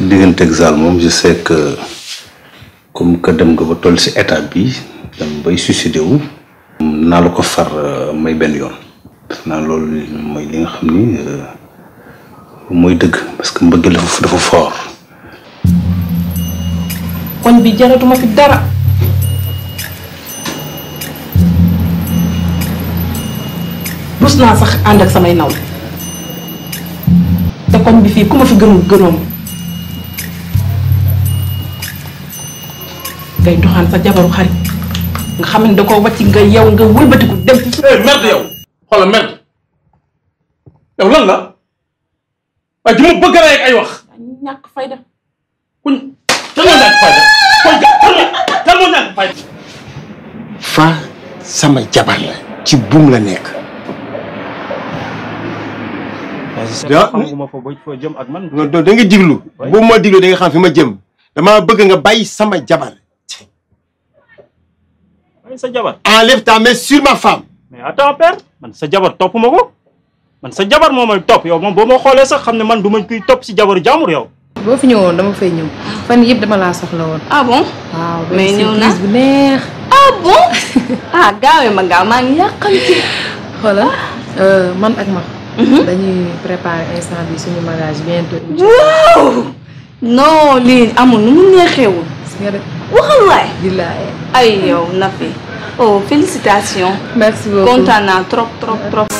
diggante exal moom je sais que comme que dem nga ba toll si état bi dem bay suicidé wu. naa la ko far euh, may benn yoon. def naa loolu mooy li nga xam ni euh, mooy dëgg parce que mbëggeel dafa dafa fort. koñ bi jaratuma fi dara. rus naa sax ànd ak samay naw te koñ bi fii ku ma fi gënu gënoom. ngay doxaan sa jabaru xarit nga xam ne da koo nga yow nga wëlbatiku dem ci su eh, merde yow xoolal merde yow lan la waaye ju ma bëgg rek ay wax ñàkk fayda kuñ kan moo ñàkk fayda fa sama jabar la ci buum la nekk da nga diglu bu ma diglu da nga xam fi ma jëm dama bëgg nga bay sama jabar enlève ta main sur ma femme. mais attends père man sa jabar top ma man sa jabar top yow sax man si yow. Bo fi ñëwoon dama fay ñëw fan yépp dama la soxla ah bon waaw mais ñëw bu ah bon ah gaawé ma gaaw ma ngi Euh, man ak ma. Mhm. dañuy préparer instant bi suñu mariage bientôt. waaw non lii amul nu mu Senhora. Ouralé! Dila, é. Ai, eu, na fé. Oh, félicitations. Merci beaucoup. Content, trop, trop, trop.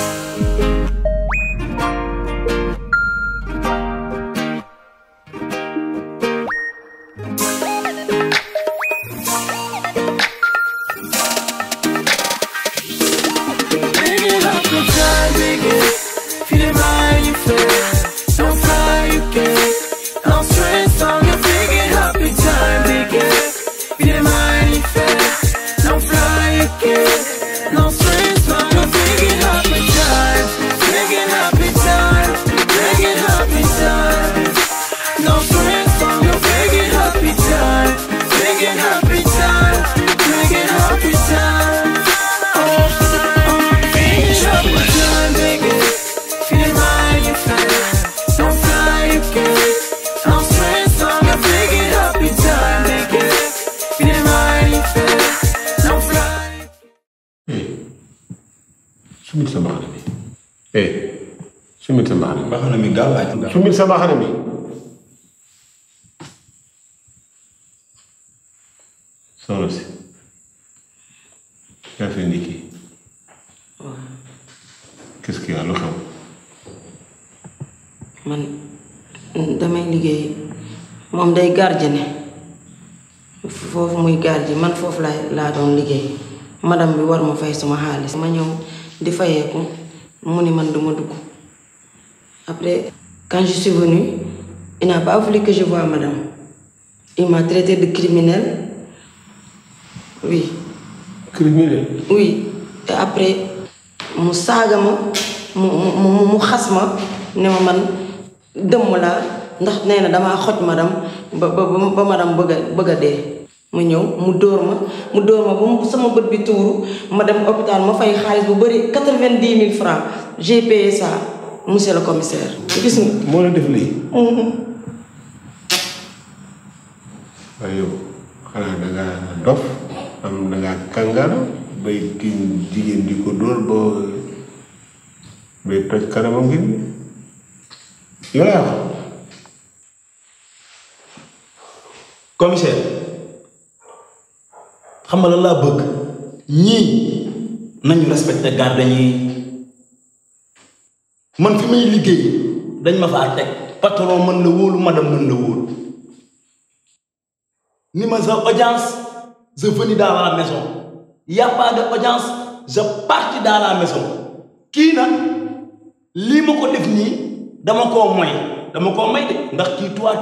가능인가? 아닌가? 준비사마 하나님. soxna si yaa fi indi kii qu'est-ce qu'il y a lu man damay liggéey moom day gardien foofu muy gardien man foofu laa laa doon liggéey madame bi war ma fay suma xaalis ma ñëw di fayeeku mu ni man duma dugg Après, quand je suis venue, il n'a pas voulu que je voie madame. Il m'a traité de criminel. Oui. Criminel Oui. Et après, mon saga, ma mu mu à la à ne ma Je suis ndax Madame, Je suis Madame, Je suis hôpital francs j'ai payé ça. monsieur le commissaire gis nga. mo la def li mhm. waaye yow xanaa da nga dof am da nga kangal bay ki jigen di ko dor ba bay toj kanamam gi yow laa wax. commissaire xam la lan bëgg ñi nañu respecté garde ñii man fi may dañ ma faa teg patron la madame mën la ni audience je venu dans la maison y a pas d'audience, je parti dans la maison Qui nag venu? ma ko def nii dama moy dama may de ndax toi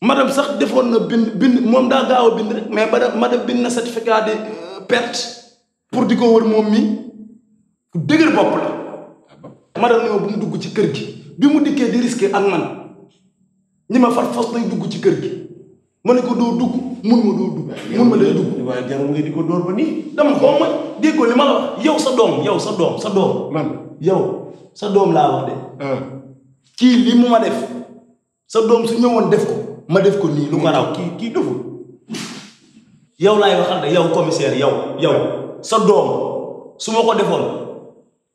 madame sax defoon na bind bind moom mais madame bind na certificat de euh, perte pour di ko Maradona bu mu dugg ci kër gi bi mu dikkee di risqué ak man ñi ma fat fos nañ dugg ci kër gi ma ne ko doo dugg mun ma doo dugg mun ma lay dugg waaye nga di ko dóor ba nii dama koo ma déggoo li ma la wax sa doom yow sa doom sa doom man yow sa doom laa de ah. kii li mu ma def sa doom su ñëwoon def ko ma def ko nii lu ko raw kii kii doful yow laay waxal de yow commissaire yow sa doom su ma ko defoon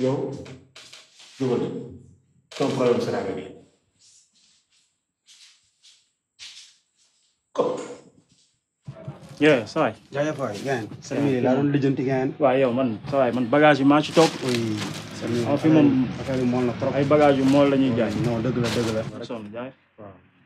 yow jubal ton problème sera réglé ko yee sawaay jaajëf waay gayen sa mili laa doon lijjanti gayen yow man sawaay man bagage yi maa ci toog on ah, fi moom affaire yi mool trop ay bagage yu mool la ñuy jaay non dëgg la dëgg la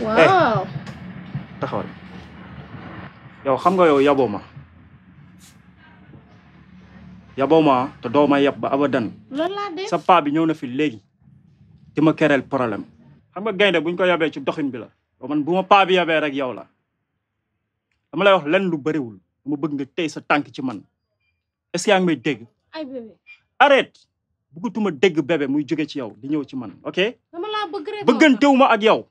waaw yow xam nga yow yaboo ma yaboo ma te doo ma yab ba abadan sa paa ñëw na fi léegi di ma kereel problème xam nga gaynde buñ ko yabee ci doxin bi la man bu ma paa bi yabee rek yow la dama lay wax lenn lu bëriwul dama bëgg nga tey sa tànk ci man est-ce que yaa ngi may dégg ay bébé arrête muy jóge ci yow di ñëw ci man ok bëggantewu ma ak yow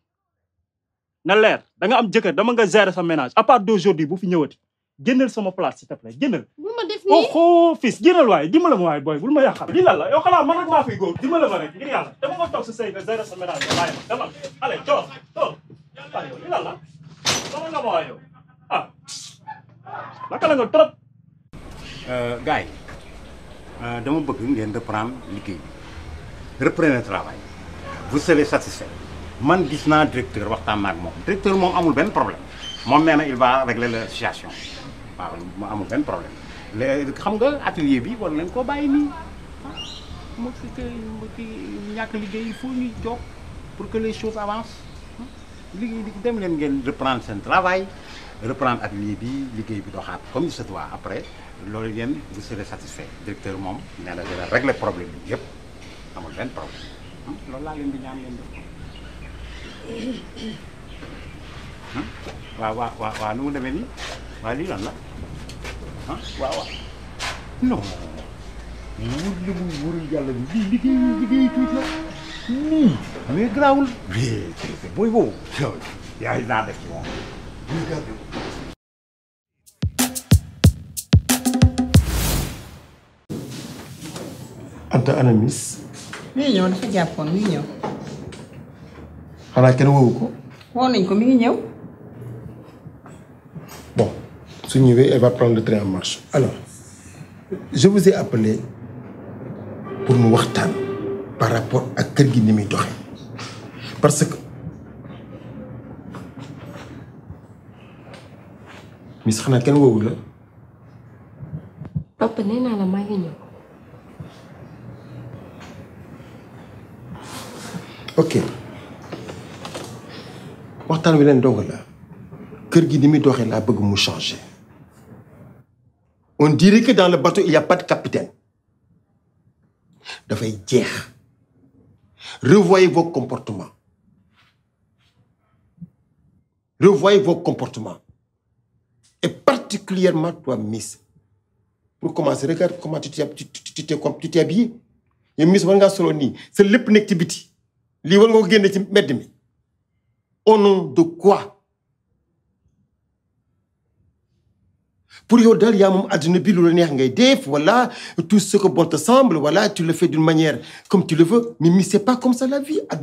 na leer da nga am jëkkër dama nga gérer sa ménage à part d'aujourd'hui bu fi ñëwati génnal sama place s'il te plaît génnal. bu def ni oh oh fils génnal way dimbala ma way boy bu ma yaxal di la la yo xala man rek maa fiy góor dimbala ma rek ngir yàlla dama nga tok sa sey nga gérer sa ménage bàyyi dama allez to to di la la sama nga ma waay yow ah naka la nga trop. euh gars euh dama bëgg ngeen de prendre liggéey reprendre reprenez travail vous serez satisfait. man gis naa directeur waxtaan naa ak mom directeur mom amul ben problème mom néna il va régler la situation waaw mo amul ben problème léegi xam nga atelier bi won nañ ko bàyyi ni mo que mo ki ñàkk liggéey il ñu jóg pour que les choses avancent liggéey di dem len ngeen reprendre sen travail reprendre atelier bi liggéey bi doxaat comme il se doit après loolu yéen vous serez satisfait directeur mom nee na dina régler problème bi yëpp amul ben problème hmm? loolu laa leen di ñaan leen def waaw waaw waaw waaw nu mu demee nii waaye lii lan la ah waaw waaw non wóor la muy wóorul yàlla bi lii liggéey liggéey tuuti la nii mais garaawul booy boobu yaay naa def ci moom Anta Anamis. mi ngi ñëw dafa jàppoon mi ngi ñëw. Bon, si vous voulez. On bon elle va prendre le train en marche alors je vous ai appelé pour nous voir par rapport à quel qui de parce que Mais papa je la ok waxtaan wi leen dong la kër gi ni muy doxee laa bëgg mu changer on dirait que dans le bateau il y a pas de capitaine dafay jeex revoyez vos comportements revoyez vos comportements et particulièrement toi Miss pour commencer regarde comment tu t'es t'es habillé Miss war ngaa solo nii sa lépp nekk ci biti lii war nga ko génne ci mbedd mi au nom de quoi pour yow il y a àddina bi ou voilà tout ce que bon te semble voilà tu le fais d'une manière comme tu le veux mais mais c'est pas comme ça la vie à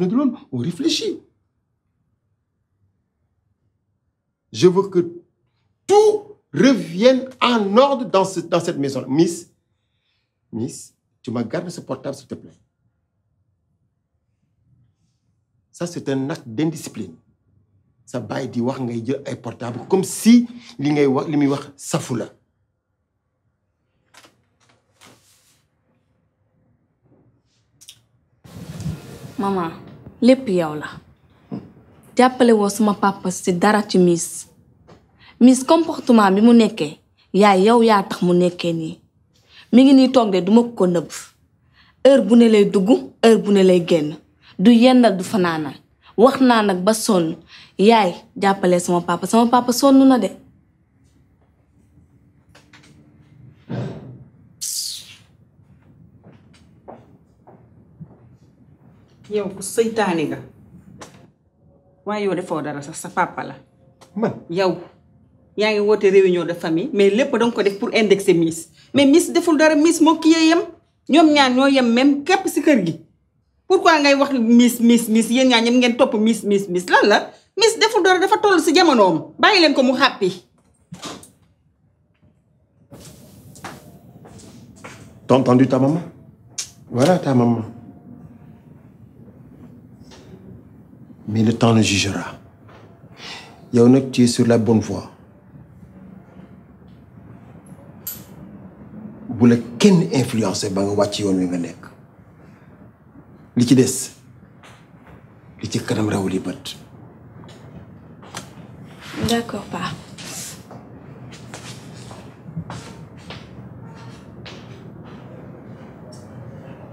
on réfléchit je veux que tout revienne en ordre dans dans cette maison Miss Miss tu m'as gardé ce portable s'il te plaît ça c'est un acte d'indiscipline sa baay di wax ngay jël ay portable comme si li ngay wax li muy wax safu la maman lépp yow la jàppale woo suma papa si dara ci miis miis comportement bi mu nekkee yaa yow yaa tax mu nekkee nii mi ngi nii toog de duma ko nëbb heure bu ne lay dugg heure bu ne lay génn du yenn du fanaanal wax naa nag ba sonn yaay jàppale sama papa sama papa sonn na de yow ku seytaane nga waaye yoo defoo dara sax sa papa la man yow yaa ngi woote réunion de famille mais lépp danga ko def pour indexer Miss mais Miss deful dara Miss moo ki yee yem ñoom ñaan ñoo yem même képp si kër gi pourquoi ngay wax Miss Miss Miss yéen ñaar ñoom ngeen topp Miss Miss Miss la Miss Defu dara dafa toll ci jamonoom bàyyi leen ko mu xàppi. T'as entendu ta maman? Voilà ta maman. Mais le temps le jugera. yow autre qui est sur la bonne voie. bu la kenn influencé ba nga wàcc qui wi nga nekk. li ci des li ci kanam raw li D'accord, pas.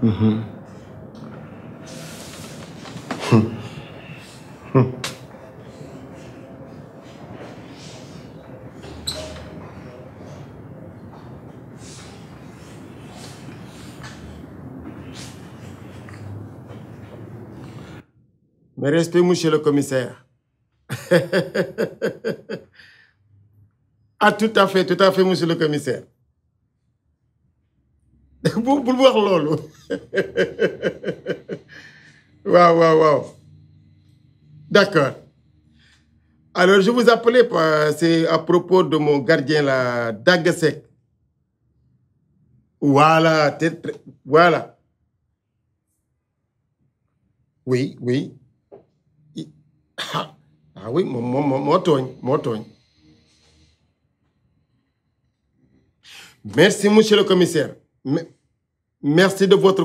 Mhm. Mais restez moi chez le commissaire. ah tout à fait tout à fait monsieur le commissaire Pour voir voir Waouh, waouh, Waouh waouh. d'accord alors je vous appelais euh, c'est à propos de mon gardien la Voilà, voilà voilà oui oui ah ah oui mon moom mon toi, merci monsieur le commissaire merci de votre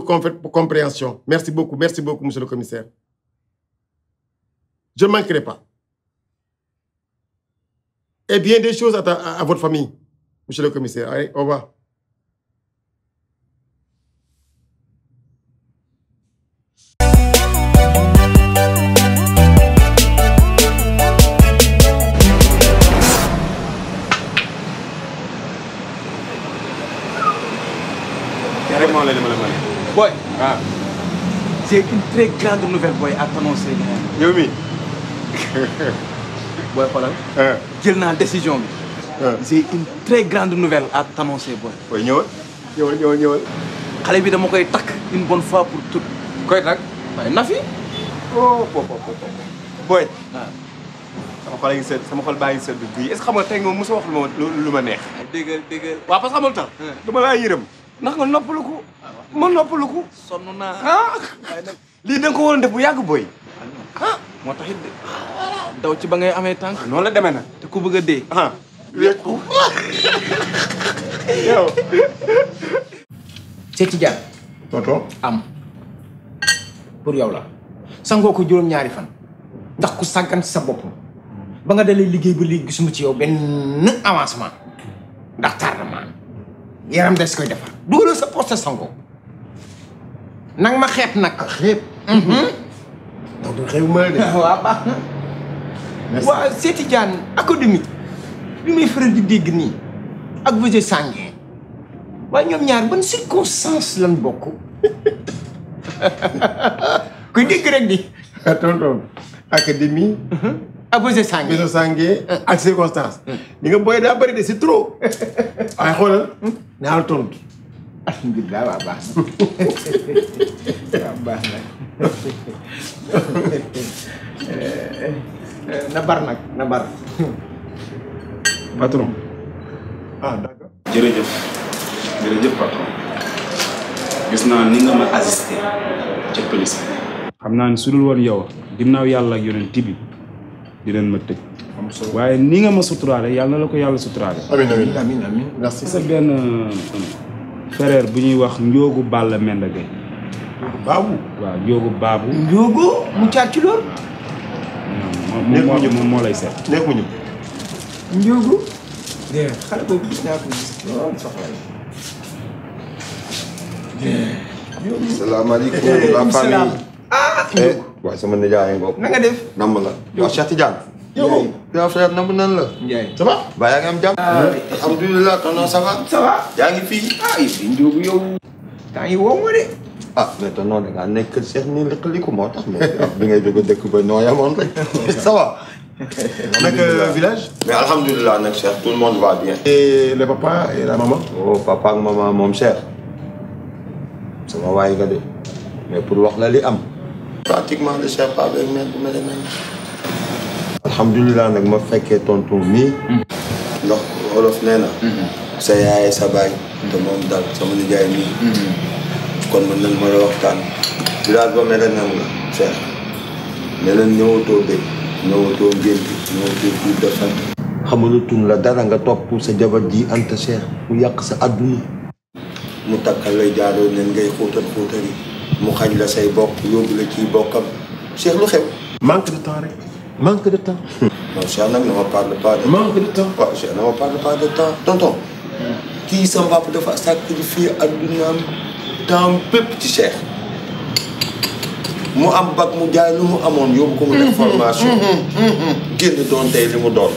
compréhension merci beaucoup merci beaucoup monsieur le commissaire je ne manquerai pas et bien des choses à, votre famille monsieur le commissaire allez au revoir boy. j'ai ah. ah. ah. une très grande nouvelle à t'annoncer. C'est boy, j'ai décision j'ai une très grande nouvelle à t'annoncer boy. booy une bonne fois pour toutes. koy takk waaye na fi. oh oh, oh, est-ce que xam nga une moom mosoo wax lu ma lu parce que ma noppalu ko. sonn naa ah. li da ko won def bu yag boy ah moo tax de daw ci ba ngay amé tank non la démé na te ku bëgg dé ha ah yow ci ci Cheikh toto am. pour yow la. sango ko juroom ñaari fan. ndax ku sàggan sa bop ba nga dalé liggéey bu li gisuma ci yow oh, ben avancement. ndax tardement. yaram dess koy defal dugalal sa poste sango nang ma xeeb nag. ah xeeb. Mhm. donc xeeb ma de. Wa baax Wa merci Jan, Seeti Diagne Demi bi di deg ni. ak Vosé sangé. Wa ñom ñaar ban circonstance lan bokku. Ku di, rek di. ah tonton académie. ak Vosé Sangué vous sangé ak circonstance. Eh. ni nga boy da bari de c'est trop. Ay xolal. Na la tontu. alhamdulilah waa baax na waa na bar nag na bar patron gis naa ni nga ma assisté ca police xam naa su dul woon yow ginnaaw yàlla ak yonent bi dinañ ma tëj waaye ni nga ma suturaale yàlla na la ko yàlla suturaale sa benn euh, frère bu ñuy wax Ndiogu Balla Menda Gueye. Baabu. waaw Baabu. Ndiogu mu caat ci loolu. moo lay seet. nekkuñu. Ndiogu. dégg nga xale boobu gis naa ko gis lool soxla yi. salaamaaleykum la famille. ah eh, waaye sama nijaay ngoog. na def. nam la waaw yow. yow frère na mu nan la. Ndiaye ça va. ba yaa ngi am jàmm. alhamdulilah tonton ça va. ça va yaa ngi fii. ah fii Ndiob yow. temps yi woo ma de. ah mais tonton da ngaa nekk Cheikh nii lëkkaliku moo tax mais bi ngay jóge dëkk ba noo yamoon rek ça va. nag village. mais alhamdulilah nag Cheikh tout le monde va bien. et eh, le papa et eh, la maman. oh papa ak maman moom Cheikh. sama waay nga de mais pour wax la li am. pratiquement le Cheikh Pape ak mère bu mel ne alhamdulilah nag ma fekkee tonton mii. Mm-hmm. ndax olof nee na. Mm-hmm. sa yaay sa moom daal sama nijaay mii. Mm-hmm. kon mën nañ mën a waxtaan. mel nan la Cheikh. ne leen ñëwatoo bëgg. ñëwatoo ngénte ñëwatoo la dara nga topp sa jabar ji Anta Cheikh mu yàq sa adduna. mu takkal lay jaadoo nen ngay xóotal xóotal mu xañ la say bokk yóbbu la ciy bokkam Cheikh lu xew. Manque de temps. Non, je ne parle pas de. manque de temps ne parle pas de temps tonton. qui s'en va pour sacrifier à temps un peu Cheikh. cher. am bac mu peu lu mu je suis un peu plus formation. Je suis un peu plus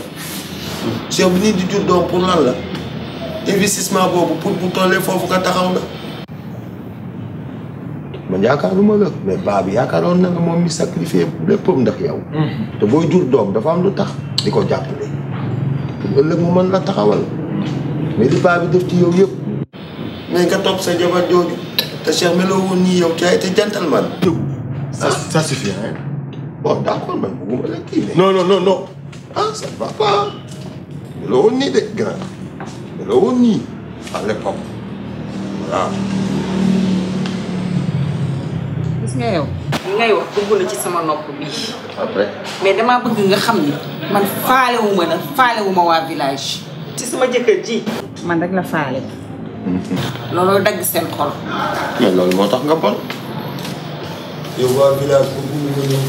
Je suis di jour pour lan la investissement pour bu que taxaw man yaakaaruma la mais baa bi yaakaaroon na nga moom mi sacrifié léppam ndax yow. Mhm. te booy jur doom dafa am lu tax di ko jàppale. pour mu mën la taxawal. mais li baa bi def ci yow yëpp. mais nga topp sa jabar jooju te Cheikh meloo woon nii yow caay te gentleman. ça ah. ça suffit hein. bon d' accord man bëgguma la kii non non non non. ah ça va pas. meloo woon nii de grand. meloo woon nii à nga yow li ngay wax ci sama nopp bi après mais dama bëgg nga xam ni man faalewuma la village ci sama jëkkër ji man rek la faale mhm. looloo dagg seen xol mais nga bon yow village bëgguñu nga ñëw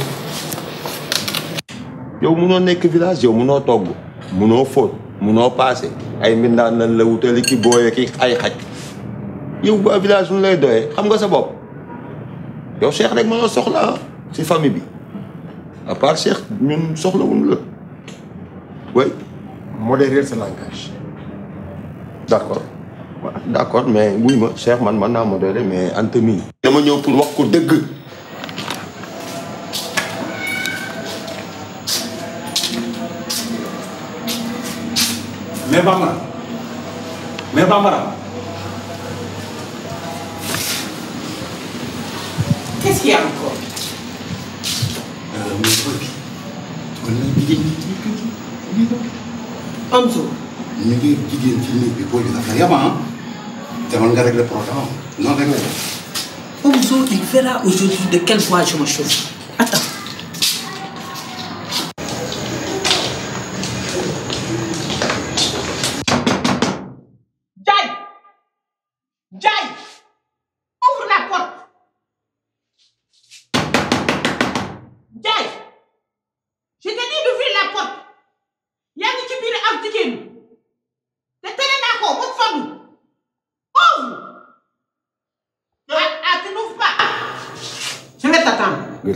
yow munoo nekk village yow ay mbinda lan la wutali ki boye ki ay xaj yow ba village nu lay doye xam nga sa bop yow Cheikh rek ma nga soxla ci famille bi à part Cheikh ñun soxlawuñu la oui. modérer sa langage. d'accord accord D'accord, mais wuy ma Cheikh man man na modérer mais entre mii. dama ñëw pour wax ko deug mais Bambara mais Bambara. qu'est-ce qu'il y a encore am so ñu ngi jigéen ci néeg bi boo ñu dafa yem ah demal nga régler problème am non régler am so il verra aujourd'hui de quelle voie je me chauffe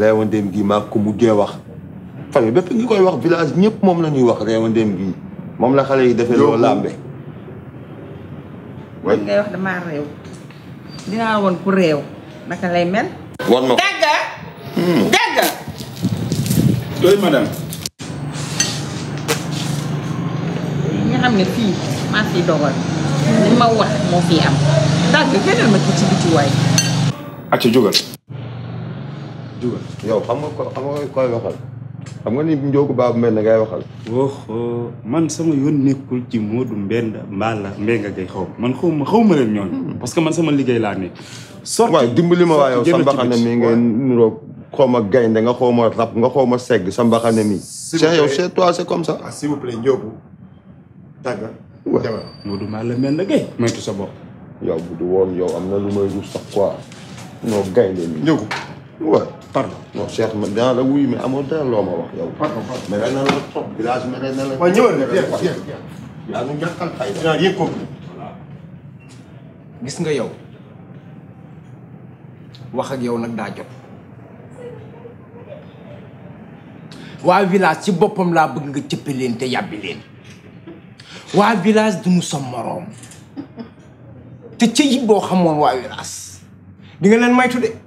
reewandeem gi maa ko mujjee wax famille bépp ngi koy wax village ñëpp moom la ñuy wax reewandeem gi moom la xale yi defee loo làmbe dagga dagga doy madame nga xam fii maa fi dogal li ma wax moo fi am dagg gënal ma ki ci biti waay acca yow xam nga ko xam nga koy waxal xam nga ni Ndiogou Babou Mbenda ngay waxal. man sama yoon nekkul ci Modou Mbenda Mballa Mbenga Gueye xaw ma man xaw ma xaw ma leen ñooñu. Hmm. parce que man sama liggéey laa nekk. dimbali ma waa yow sa nga xaw ma rab nga xaw ma segg sa mbaxane mi. s'il vous plaît yow chez toi comme ça. ah s'il vous plaît Ndiogou tàgga. waaw Modou Mballa Mbenga Gueye. moytu sa bopp. yow bu du woon yow am na lu may sax quoi. noo gaynde mi Ndiogou waaw. pardon non Cheikh dinaa la wuyu mais amoo dara loo pardon pardon mais ren na la trop village mais ren na la. waaw ñëwal na jeex jeex jeex. yaa ngi ñàkkal ya, village ci boppam laa bëgg nga cëppi leen village du ñu ci xamoon village di nga leen de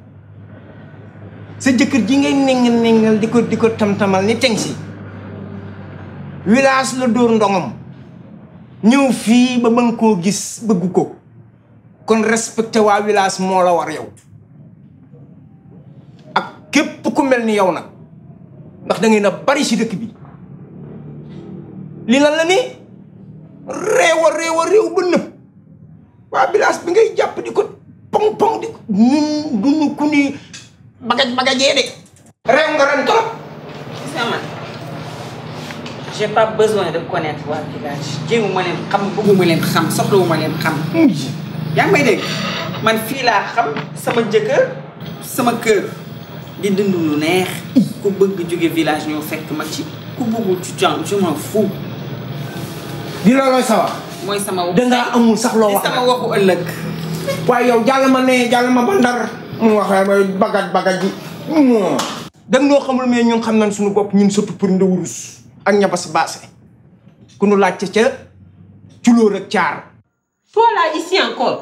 sa jëkkër ji ngay nengal nengal di ko tam-tamal ni teng si village la dóor ndongam ñew fi ba mën ko gis bëgg ko kon respecté wa village mo la war yow ak képp ku melni yow nak ndax da ngay na bari ci dëkk bi li lan la ni réew a rew bu réew wa village bi ngay japp di pong pong di ñu ñu ku ni ba nga de. réew nga ren trop. gis nga man j'ai pas besoin de connaître waa village jéemu ma leen xam bëgguma leen xam soxlawuma leen xam. yaa ngi may dégg man fii laa xam sama jëkkër sama kër di dund lu neex. ku bëgg jóge village ñoo fekk ma ci ku bëggul ci jàng je m'en di loolooy sa mooy sama wax dangaa amul sax loo wax sama waxu ëllëg. waaye yow jàll ma ne jàll ma ba mu waxee mooy bagat bagat ji moo da noo xamul mais ñun xam nañ suñu bopp ñun sëpp pour ndawurus ak ñabas baase ku nu laajte ca culóor ak caar toi là ici encore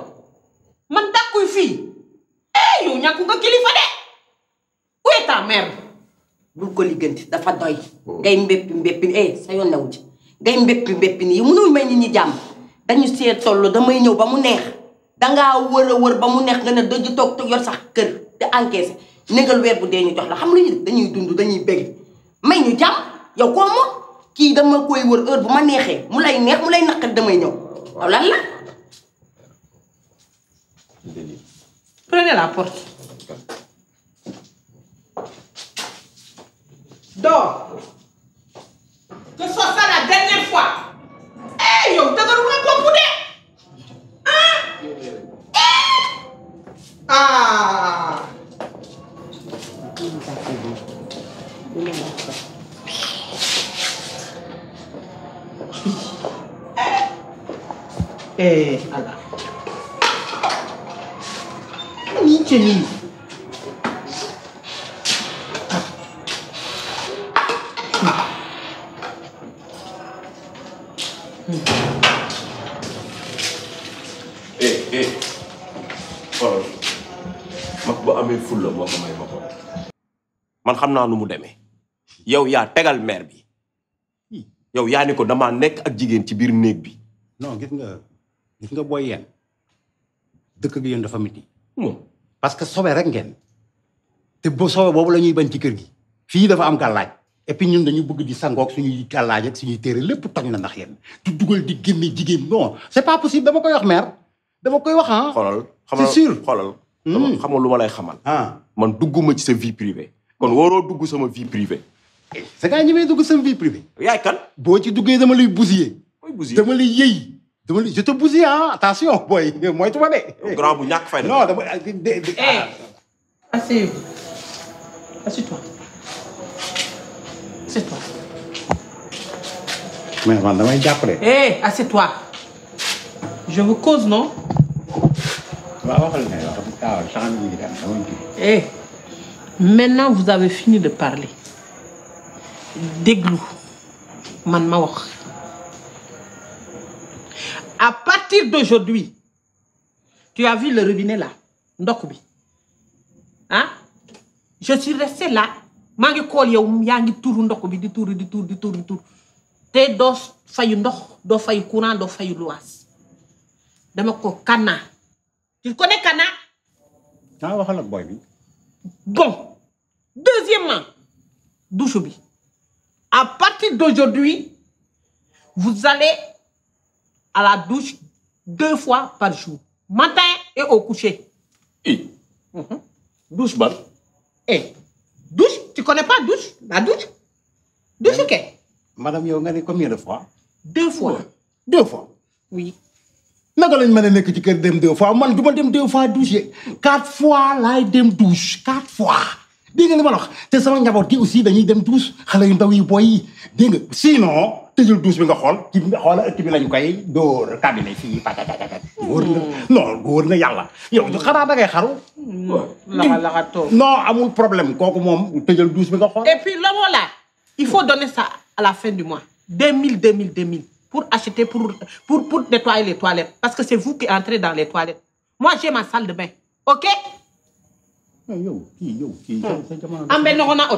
man tàkkuy fii eh yow ñàkku nga kilifa de où est ta mère bul ko ligganti dafa doy oh. ngay mbéppi mbéppi eh sa yoon newu ci ngay mbéppi mbéppi nii yi mënul may nit ñi jàmm dañu see toll damay ñëw ba mu neex dangaa wër a wër ba mu nekk nga ne doj toog toog yor sax kër te encaissé négal weer bu dee ñu jox la xam lu ñu def dañuy dund dañuy bëgg ñu jàmm yow koo moom kii dama koy wër bu ma neexee mu lay neex mu lay naqari damay ñëw waaw lan la. prenez 아하. 에, 예, 예, 알아. 미치니. xam naa nu mu demee yow yaa tegal maire bi yow yaa ni ko damaa nekk ak jigéen ci biir néeg bi. no gis nga gis nga booy yenn dëkk gi yéen dafa miti. parce que sobe rek ngeen. te boo soobee boobu la ñuy bañ ci kër gi. fii dafa am gàllaaj et puis ñun dañu bëgg di sangook suñuy gàllaaj ak suñuy téere lépp toj na ndax yéen du dugal di génne jigéen non c'est pas possible dama koy wax maire dama koy wax ah. xoolal si sûr xoolal. Hmm. xam nga lu ma lay xamal. Ah. man dugguma ci sa vie privée. kon waroo dugg sama vie privée. Eh, c'est quand même dugg sama vie privée. yaay kan. bo ci duggee dama lay bousiller. mooy bousiller dama lay yëy. dama lay je te bousille hein attention booy mooy tuba de. grand bu ñak fay non dama ah, de de. Eh, ah. toi assieds-toi. mais man damay jàppale. eh assieds-toi. je vous cause non. waaw waxal ne waaw. waaw sax na mu ngi daal maintenant vous avez fini de parler d'églou, man à partir d'aujourd'hui tu as vu le robinet là ah je suis resté là mangi suis yow Je tour. tu connais kana? Ah, Bon. Deuxièmement, Douchoubi, à partir d'aujourd'hui, vous allez à la douche deux fois par jour, matin et au coucher. Et mhm. Douche, Et eh. douche, tu connais pas douche La douche Douche, ok. Madame Yonga, combien de fois Deux fois. Deux fois Oui naka lañ mëna a nekk ci kër dem deux fois man du ma dem deux fois douche quatre fois lay dem douche quatre fois dégg nga li ma wax te sama njaboot gi aussi dañuy dem douche xale yu ndaw yi booy yi dégg nga sinon tëjul douche bi nga xool ci bi nga xool ëtt bi lañ koy door dóor cabinet pa pa wóor na non wóor na yàlla yow ñu xanaa da ngay xaru hmm. la laxa toog non amul problème kooku moom tëjal douche bi nga xool et puis la moo la il faut donner ça à la fin du mois deux mille deux mille deux mille pour acheter, pour, pour, pour nettoyer les toilettes. Parce que c'est vous qui entrez dans les toilettes. Moi, j'ai ma salle de bain. OK qui non, on na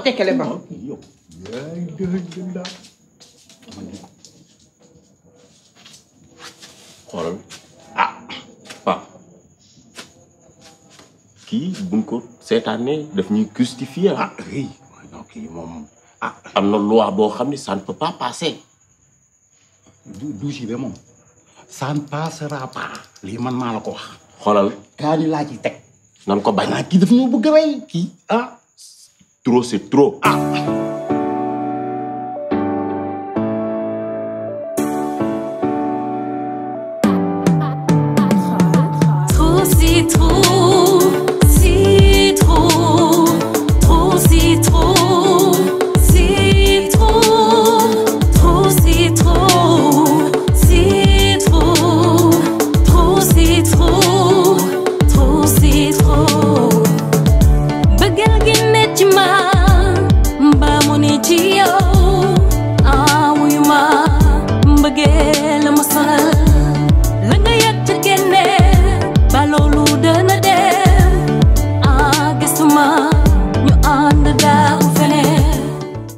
ah. Ah. justifier ah oui ah loi ça ne peut pas passer du du si be passera pas. lii man maa la ko wax. xoolal kaani laa ci teg. nan ko bañ. ah kii daf ñoo bëgg kii ah. trop c'est trop ah.